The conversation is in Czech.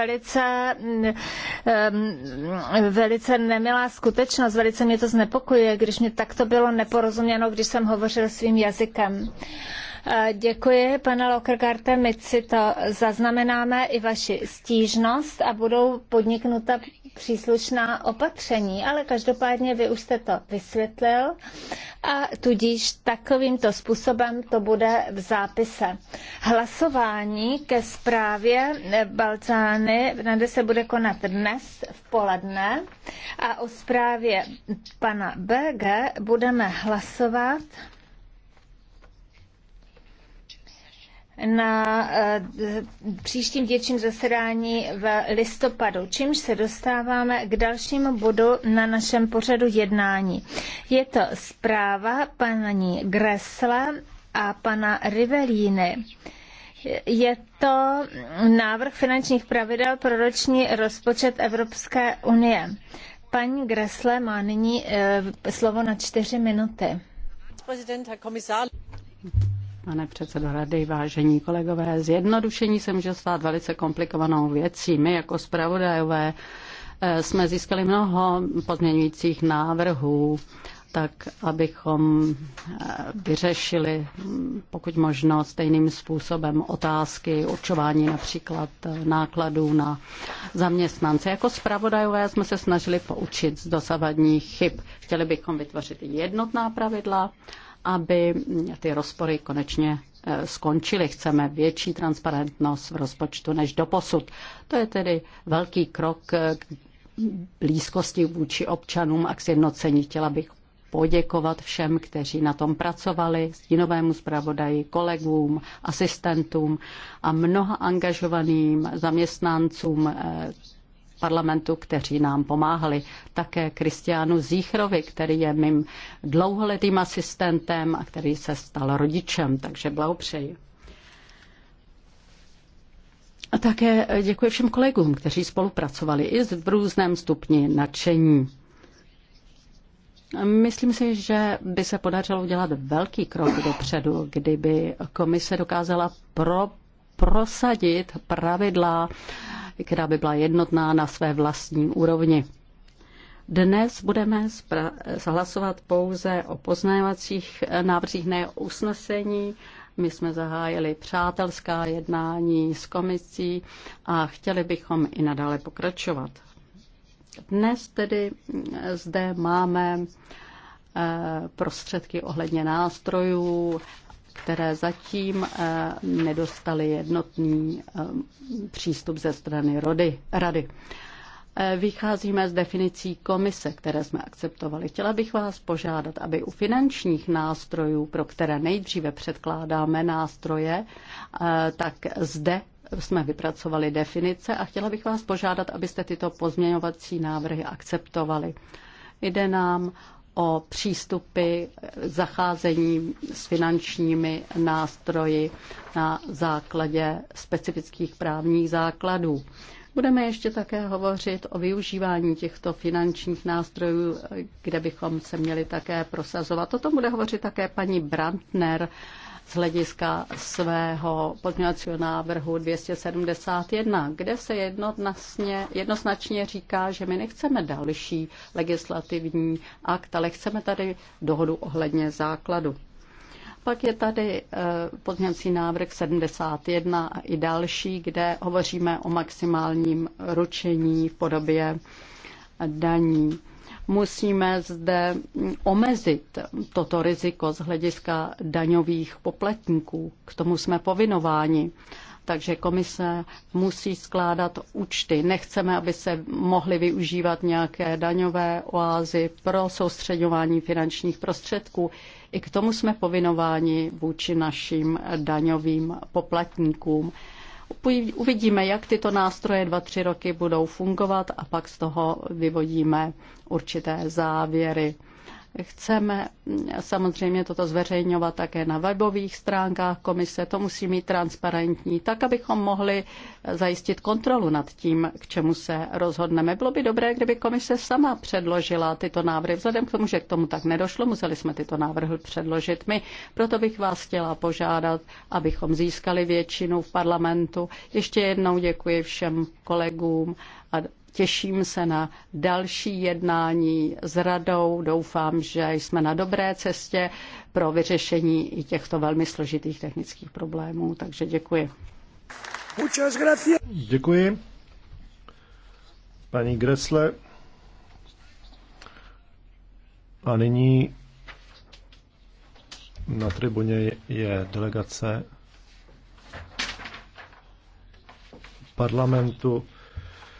velice, mm, velice nemilá skutečnost, velice mě to znepokojuje, když mě takto bylo neporozuměno, když jsem hovořil svým jazykem. Eh, děkuji, pane Lokrgarte, my si to zaznamenáme i vaši stížnost a budou podniknuta příslušná opatření, ale každopádně vy už jste to vysvětlil a tudíž takovýmto způsobem to bude v zápise. Hlasování ke zprávě Balcány Nade se bude konat dnes v poledne a o zprávě pana BG budeme hlasovat na eh, příštím dětším zasedání v listopadu, čímž se dostáváme k dalšímu bodu na našem pořadu jednání. Je to zpráva paní Gressla a pana Rivelíny. Je to návrh finančních pravidel pro roční rozpočet Evropské unie. Paní Gressle má nyní eh, slovo na čtyři minuty pane předsedo rady, vážení kolegové. Zjednodušení se může stát velice komplikovanou věcí. My jako zpravodajové eh, jsme získali mnoho pozměňujících návrhů, tak abychom eh, vyřešili pokud možno stejným způsobem otázky určování například eh, nákladů na zaměstnance. Jako zpravodajové jsme se snažili poučit z dosavadních chyb. Chtěli bychom vytvořit jednotná pravidla aby ty rozpory konečně eh, skončily. Chceme větší transparentnost v rozpočtu než doposud. To je tedy velký krok eh, k blízkosti vůči občanům a k sjednocení. Chtěla bych poděkovat všem, kteří na tom pracovali, stínovému zpravodaji, kolegům, asistentům a mnoha angažovaným zaměstnancům eh, parlamentu, kteří nám pomáhali. Také Kristiánu Zíchrovi, který je mým dlouholetým asistentem a který se stal rodičem, takže blahopřeji. A také děkuji všem kolegům, kteří spolupracovali i v různém stupni nadšení. Myslím si, že by se podařilo udělat velký krok dopředu, kdyby komise dokázala pro, prosadit pravidla uh, která by byla jednotná na své vlastní úrovni. Dnes budeme hlasovat pouze o poznávacích eh, návrzích, ne o usnesení. My jsme zahájili přátelská jednání s komisí a chtěli bychom i nadále pokračovat. Dnes tedy eh, zde máme eh, prostředky ohledně nástrojů, které zatím eh, nedostaly jednotný eh, přístup ze strany rody, rady. Eh, vycházíme z definicí komise, které jsme akceptovali. Chtěla bych vás požádat, aby u finančních nástrojů, pro které nejdříve předkládáme nástroje, tak zde jsme vypracovali definice a chtěla bych vás požádat, abyste tyto pozměňovací návrhy akceptovali. Jde nám o přístupy zacházení s finančními nástroji na základě specifických právních základů. Budeme ještě také hovořit o využívání těchto finančních nástrojů, kde bychom se měli také prosazovat. O tom bude hovořit také paní Brandner z hlediska svého pozměňovacího návrhu 271, kde se jednoznačně, jednoznačně říká, že my nechceme další legislativní akt, ale chceme tady dohodu ohledně základu. Pak je tady eh, pozměňovací návrh 71 a i další, kde hovoříme o maximálním ručení v podobě daní. Musíme zde mm, omezit toto riziko z hlediska daňových poplatníků. K tomu jsme povinováni takže komise musí skládat účty. Nechceme, aby se mohly využívat nějaké daňové oázy pro soustředování finančních prostředků. I k tomu jsme povinováni vůči našim daňovým poplatníkům. Uvidíme, jak tyto nástroje dva, tři roky budou fungovat a pak z toho vyvodíme určité závěry. Chceme samozřejmě toto zveřejňovat také na webových stránkách komise. To musí mít transparentní, tak abychom mohli zajistit kontrolu nad tím, k čemu se rozhodneme. Bylo by dobré, kdyby komise sama předložila tyto návrhy. Vzhledem k tomu, že k tomu tak nedošlo, museli jsme tyto návrhy předložit my. Proto bych vás chtěla požádat, abychom získali většinu v parlamentu. Ještě jednou děkuji všem kolegům a Těším se na další jednání s radou. Doufám, že jsme na dobré cestě pro vyřešení i těchto velmi složitých technických problémů. Takže děkuji. Děkuji. Paní Gresle. A nyní na tribuně je delegace parlamentu